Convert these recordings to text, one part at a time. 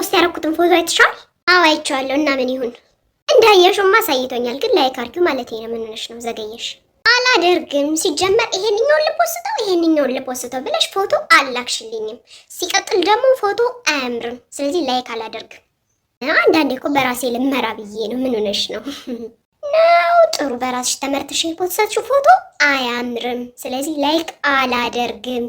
ፖስት ያደረኩትን ፎቶ አይተሻል? አዎ አይቼዋለሁ። እና ምን ይሁን? እንዳየሽውም አሳይቶኛል። ግን ላይክ አድርጊው ማለት ነው። ምን ሆነሽ ነው? ዘገየሽ። አላደርግም። ሲጀመር ይሄንኛውን ልፖስተው ይሄንኛውን ልፖስተው ብለሽ ፎቶ አላክሽልኝም። ሲቀጥል ደግሞ ፎቶ አያምርም። ስለዚህ ላይክ አላደርግም። አንዳንዴ እኮ በራሴ ልመራ ብዬ ነው። ምን ሆነሽ ነው ነው ጥሩ። በራስሽ ተመርተሽ የፖስተሽው ፎቶ አያምርም። ስለዚህ ላይክ አላደርግም።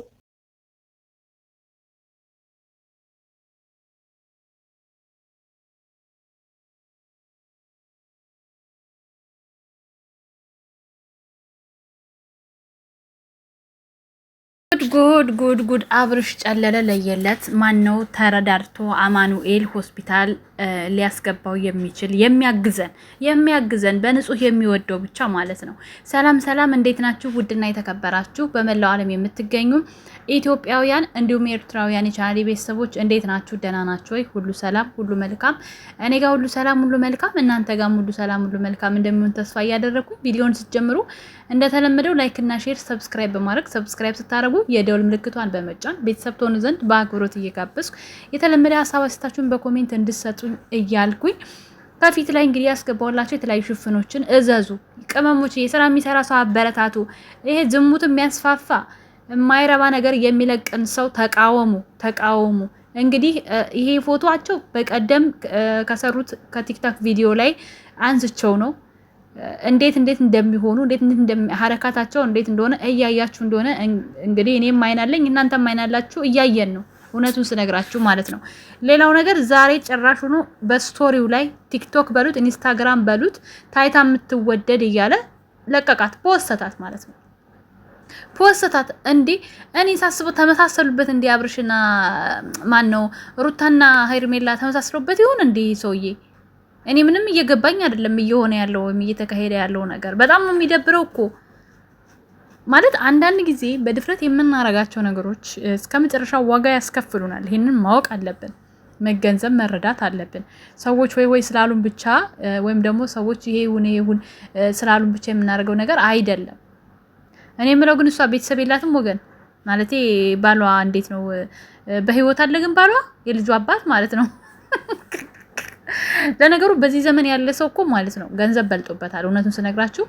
ጉድ ጉድ ጉድ ጉድ! አብርሽ ጨለለ ለየለት። ማነው ተረዳርቶ አማኑኤል ሆስፒታል ሊያስገባው የሚችል የሚያግዘን የሚያግዘን በንጹህ የሚወደው ብቻ ማለት ነው። ሰላም ሰላም፣ እንዴት ናችሁ? ውድና የተከበራችሁ በመላው ዓለም የምትገኙ ኢትዮጵያውያን እንዲሁም ኤርትራውያን የቻናሌ ቤተሰቦች እንዴት ናችሁ? ደህና ናችሁ ወይ? ሁሉ ሰላም፣ ሁሉ መልካም። እኔ ጋር ሁሉ ሰላም፣ ሁሉ መልካም። እናንተ ጋርም ሁሉ ሰላም፣ ሁሉ መልካም እንደሚሆን ተስፋ እያደረግኩ ቪዲዮን ስትጀምሩ እንደተለመደው ላይክና ሼር፣ ሰብስክራይብ በማድረግ ሰብስክራይብ ስታደርጉ የደውል ምልክቷን በመጫን ቤተሰብ ትሆኑ ዘንድ በአክብሮት እየጋበዝኩ የተለመደ ሀሳብ አስተያየታችሁን በኮሜንት እንድሰጡ አስገቡልኝ እያልኩኝ ከፊት ላይ እንግዲህ ያስገባውላቸው የተለያዩ ሽፍኖችን እዘዙ ቅመሞች፣ የስራ የሚሰራ ሰው አበረታቱ። ይሄ ዝሙት የሚያስፋፋ የማይረባ ነገር የሚለቅን ሰው ተቃወሙ፣ ተቃወሙ። እንግዲህ ይሄ ፎቶቸው በቀደም ከሰሩት ከቲክታክ ቪዲዮ ላይ አንስቸው ነው። እንዴት እንዴት እንደሚሆኑ እንዴት እንዴት ሀረካታቸው እንዴት እንደሆነ እያያችሁ እንደሆነ እንግዲህ እኔም አይናለኝ እናንተም አይናላችሁ እያየን ነው። እውነቱን ስነግራችሁ ማለት ነው። ሌላው ነገር ዛሬ ጭራሽ ሆኖ በስቶሪው ላይ ቲክቶክ በሉት ኢንስታግራም በሉት ታይታ የምትወደድ እያለ ለቀቃት፣ ፖስተታት ማለት ነው። ፖስተታት እንዲ እኔ ሳስበው ተመሳሰሉበት እንዲ አብርሽና ማን ነው ሩታና ሄርሜላ ተመሳስሎበት ይሆን እንዲ ሰውዬ? እኔ ምንም እየገባኝ አይደለም እየሆነ ያለው ወይም እየተካሄደ ያለው ነገር በጣም የሚደብረው እኮ ማለት አንዳንድ ጊዜ በድፍረት የምናረጋቸው ነገሮች እስከ መጨረሻ ዋጋ ያስከፍሉናል። ይህንን ማወቅ አለብን፣ መገንዘብ፣ መረዳት አለብን። ሰዎች ወይ ወይ ስላሉን ብቻ ወይም ደግሞ ሰዎች ይሄ ይሁን ይሄ ይሁን ስላሉን ብቻ የምናደርገው ነገር አይደለም። እኔ የምለው ግን እሷ ቤተሰብ የላትም ወገን ማለት ባሏ እንዴት ነው? በህይወት አለ ግን ባሏ የልጁ አባት ማለት ነው። ለነገሩ በዚህ ዘመን ያለ ሰው እኮ ማለት ነው ገንዘብ በልጦበታል። እውነቱን ስነግራችሁ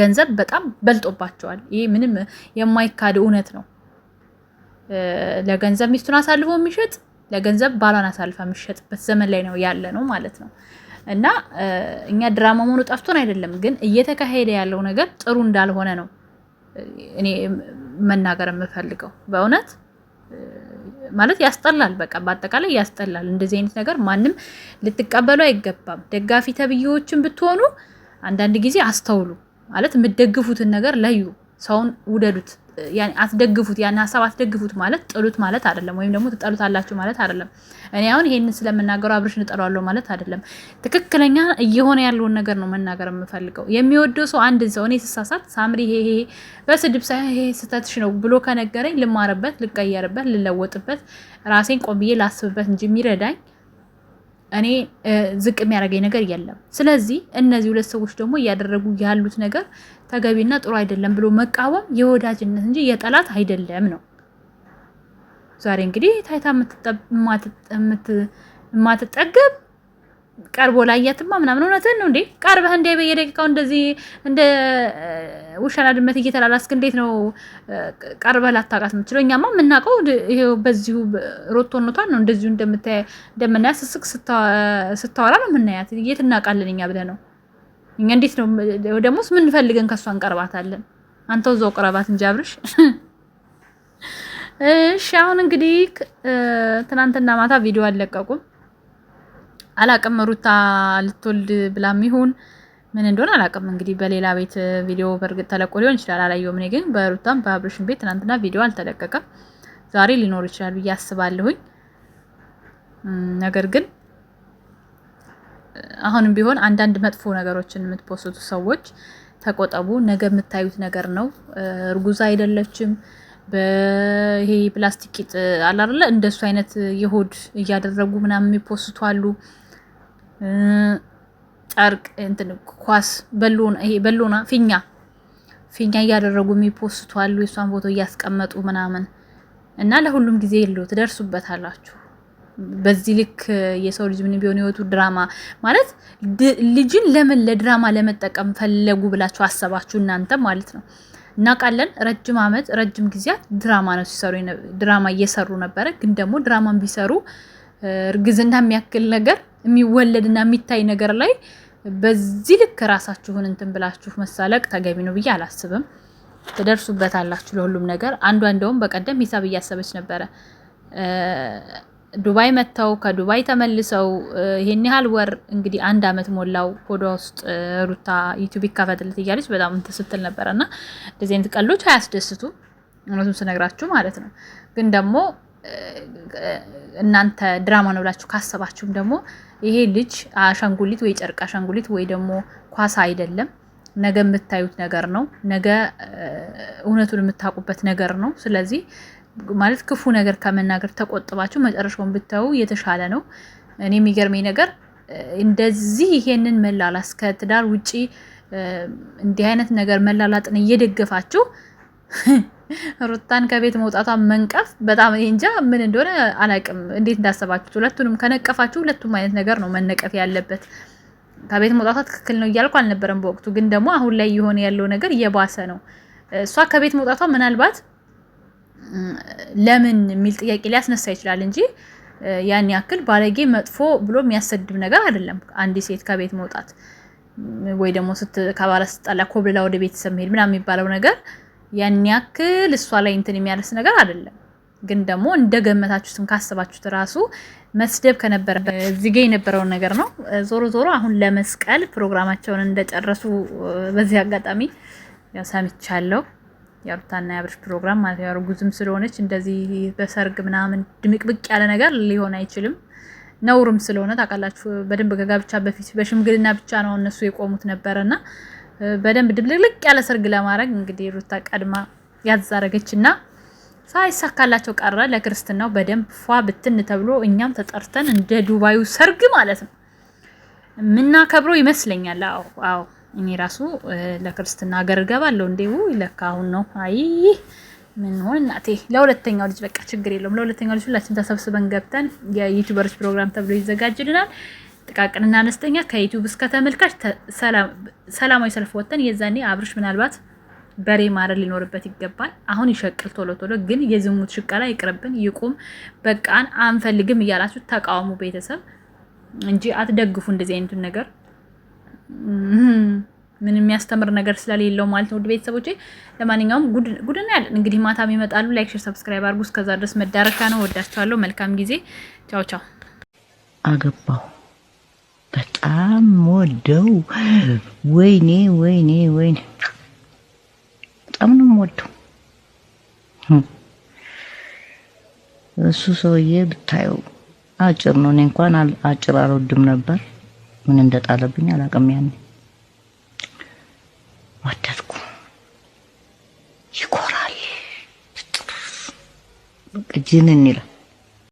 ገንዘብ በጣም በልጦባቸዋል። ይሄ ምንም የማይካድ እውነት ነው። ለገንዘብ ሚስቱን አሳልፎ የሚሸጥ ለገንዘብ ባሏን አሳልፋ የሚሸጥበት ዘመን ላይ ነው ያለ ነው ማለት ነው። እና እኛ ድራማ መሆኑ ጠፍቶን አይደለም፣ ግን እየተካሄደ ያለው ነገር ጥሩ እንዳልሆነ ነው እኔ መናገር የምፈልገው በእውነት ማለት ያስጠላል። በቃ በአጠቃላይ ያስጠላል። እንደዚህ አይነት ነገር ማንም ልትቀበሉ አይገባም። ደጋፊ ተብዬዎችን ብትሆኑ አንዳንድ ጊዜ አስተውሉ። ማለት የምትደግፉትን ነገር ለዩ። ሰውን ውደዱት፣ አትደግፉት። ያን ሀሳብ አትደግፉት ማለት ጥሉት ማለት አይደለም፣ ወይም ደግሞ ትጠሉታላችሁ ማለት አይደለም። እኔ አሁን ይሄንን ስለምናገረው አብርሽን እጠሏለሁ ማለት አይደለም። ትክክለኛ እየሆነ ያለውን ነገር ነው መናገር የምፈልገው። የሚወደው ሰው አንድን ሰው እኔ ስሳሳት ሳምሪ ይሄ በስድብ ሳይሆን ይሄ ስህተትሽ ነው ብሎ ከነገረኝ ልማርበት፣ ልቀየርበት፣ ልለወጥበት ራሴን ቆም ብዬ ላስብበት እንጂ የሚረዳኝ እኔ ዝቅ የሚያደርገኝ ነገር የለም። ስለዚህ እነዚህ ሁለት ሰዎች ደግሞ እያደረጉ ያሉት ነገር ተገቢና ጥሩ አይደለም ብሎ መቃወም የወዳጅነት እንጂ የጠላት አይደለም ነው። ዛሬ እንግዲህ ታይታ የማትጠገብ ቀርቦ ላያትማ ምናምን እውነትህን ነው እንዴ? ቀርበህ እንደ በየደቂቃው እንደዚህ እንደ ውሻና ድመት እየተላላስክ እንዴት ነው ቀርበህ ላታውቃት የምችለው? እኛማ የምናውቀው ይኸው በዚሁ ሮቶነቷን ነው። እንደዚሁ እንደምናያት ስስቅ ስታወራ ነው የምናያት። የት እናውቃለን እኛ ብለህ ነው እኛ እንዴት ነው ደግሞስ ፈልገን ከእሷ እንቀርባታለን? አንተው እዛው ቅረባት እንጂ አብርሽ። እሺ አሁን እንግዲህ ትናንትና ማታ ቪዲዮ አልለቀቁም አላቅም ሩታ ልትወልድ ብላም ይሁን ምን እንደሆነ አላቅም። እንግዲህ በሌላ ቤት ቪዲዮ በእርግጥ ተለቆ ሊሆን ይችላል፣ አላየሁም። እኔ ግን በሩታም በአብርሽን ቤት ትናንትና ቪዲዮ አልተለቀቀም። ዛሬ ሊኖር ይችላል ብዬ አስባለሁኝ። ነገር ግን አሁንም ቢሆን አንዳንድ መጥፎ ነገሮችን የምትፖስቱ ሰዎች ተቆጠቡ። ነገ የምታዩት ነገር ነው። እርጉዝ አይደለችም። በይሄ ፕላስቲክ ቂጥ አላለ እንደሱ አይነት የሆድ እያደረጉ ምናምን የሚፖስቱ አሉ። ጨርቅ እንትን ኳስ ይሄ በሉና ፊኛ ፊኛ እያደረጉ የሚፖስቱ አሉ። የእሷን ፎቶ እያስቀመጡ ምናምን እና ለሁሉም ጊዜ የለው ትደርሱበታላችሁ። በዚህ ልክ የሰው ልጅ ምን ቢሆን ህይወቱ ድራማ ማለት ልጅን ለምን ለድራማ ለመጠቀም ፈለጉ ብላችሁ አሰባችሁ እናንተ ማለት ነው። እናውቃለን ረጅም ዓመት ረጅም ጊዜያት ድራማ ነው ሲሰሩ ድራማ እየሰሩ ነበረ። ግን ደግሞ ድራማን ቢሰሩ እርግዝና የሚያክል ነገር የሚወለድና የሚታይ ነገር ላይ በዚህ ልክ ራሳችሁን እንትን ብላችሁ መሳለቅ ተገቢ ነው ብዬ አላስብም። ትደርሱበት አላችሁ ለሁሉም ነገር። አንዷ እንደውም በቀደም ሂሳብ እያሰበች ነበረ። ዱባይ መጥተው ከዱባይ ተመልሰው ይሄን ያህል ወር እንግዲህ አንድ አመት ሞላው። ሆዷ ውስጥ ሩታ ዩቱብ ይከፈትለት እያለች በጣም እንትን ስትል ነበረ እና እንደዚህ አይነት ቀሎች አያስደስቱ እውነቱን ስነግራችሁ ማለት ነው ግን ደግሞ እናንተ ድራማ ነው ብላችሁ ካሰባችሁም ደግሞ ይሄ ልጅ አሻንጉሊት ወይ ጨርቅ አሻንጉሊት ወይ ደግሞ ኳሳ አይደለም። ነገ የምታዩት ነገር ነው። ነገ እውነቱን የምታውቁበት ነገር ነው። ስለዚህ ማለት ክፉ ነገር ከመናገር ተቆጥባችሁ መጨረሻውን ብታዩ የተሻለ ነው። እኔ የሚገርመኝ ነገር እንደዚህ ይሄንን መላላስ ከትዳር ውጪ እንዲህ አይነት ነገር መላላጥን እየደገፋችሁ ሩታን ከቤት መውጣቷ መንቀፍ በጣም እንጃ ምን እንደሆነ አላቅም፣ እንዴት እንዳሰባችሁት። ሁለቱንም ከነቀፋችሁ ሁለቱም አይነት ነገር ነው መነቀፍ ያለበት። ከቤት መውጣቷ ትክክል ነው እያልኩ አልነበረም በወቅቱ፣ ግን ደግሞ አሁን ላይ የሆነ ያለው ነገር እየባሰ ነው። እሷ ከቤት መውጣቷ ምናልባት ለምን የሚል ጥያቄ ሊያስነሳ ይችላል እንጂ ያን ያክል ባለጌ መጥፎ ብሎ የሚያሰድብ ነገር አይደለም። አንዲት ሴት ከቤት መውጣት ወይ ደግሞ ከባለ ስትጣላ ኮብልላ ወደ ቤተሰብ መሄድ ምናምን የሚባለው ነገር ያን ያክል እሷ ላይ እንትን የሚያደርስ ነገር አይደለም። ግን ደግሞ እንደገመታችሁትም ካሰባችሁት ራሱ መስደብ ከነበረ እዚህ ጋ የነበረውን ነገር ነው። ዞሮ ዞሮ አሁን ለመስቀል ፕሮግራማቸውን እንደጨረሱ በዚህ አጋጣሚ ያው ሰምቻለሁ። የሩታና የአብርሽ ፕሮግራም ማለት ያው ጉዝም ስለሆነች እንደዚህ በሰርግ ምናምን ድምቅብቅ ያለ ነገር ሊሆን አይችልም። ነውርም ስለሆነ ታውቃላችሁ፣ በደንብ ከጋብቻ በፊት በሽምግልና ብቻ ነው እነሱ የቆሙት ነበረ ነበረና በደንብ ድብልቅልቅ ያለ ሰርግ ለማድረግ እንግዲህ ሩታ ቀድማ ያዛረገች እና ሳይሳካላቸው ቀረ። ለክርስትናው በደንብ ፏ ብትን ተብሎ እኛም ተጠርተን እንደ ዱባዩ ሰርግ ማለት ነው የምናከብረው ይመስለኛል። አዎ አዎ፣ እኔ ራሱ ለክርስትና ሀገር እገባለሁ እንዴ! ለካ አሁን ነው። አይ ምን ሆን እናቴ። ለሁለተኛው ልጅ በቃ ችግር የለውም። ለሁለተኛው ልጅ ሁላችን ተሰብስበን ገብተን የዩቲዩበሮች ፕሮግራም ተብሎ ይዘጋጅልናል። ጥቃቅንና አነስተኛ ከዩቲዩብ እስከ ተመልካች ሰላማዊ ሰልፍ ወጥተን የዛኔ አብርሽ ምናልባት በሬ ማረድ ሊኖርበት ይገባል። አሁን ይሸቅል ቶሎ ቶሎ ግን የዝሙት ሽቀላ ይቅርብን፣ ይቁም፣ በቃን አንፈልግም እያላችሁ ተቃውሙ ቤተሰብ እንጂ አትደግፉ እንደዚህ አይነቱን ነገር ምን የሚያስተምር ነገር ስለሌለው ማለት ነው። ውድ ቤተሰቦች ለማንኛውም ጉድና ያለን እንግዲህ ማታም ይመጣሉ። ላይክ፣ ሼር፣ ሰብስክራይብ አድርጉ። እስከዛ ድረስ መዳረሻ ነው። ወዳችኋለሁ። መልካም ጊዜ። ቻው ቻው። አገባሁ በጣም ወደው ወይኔ ወይኔ ወይኔ በጣም ነው ወደው። እሱ ሰውዬ ብታየው አጭር ነው። እኔ እንኳን አጭር አልወድም ነበር። ምን እንደጣለብኝ አላውቅም። ያኔ ወደድኩ። ይኮራል፣ ጅንን ይላል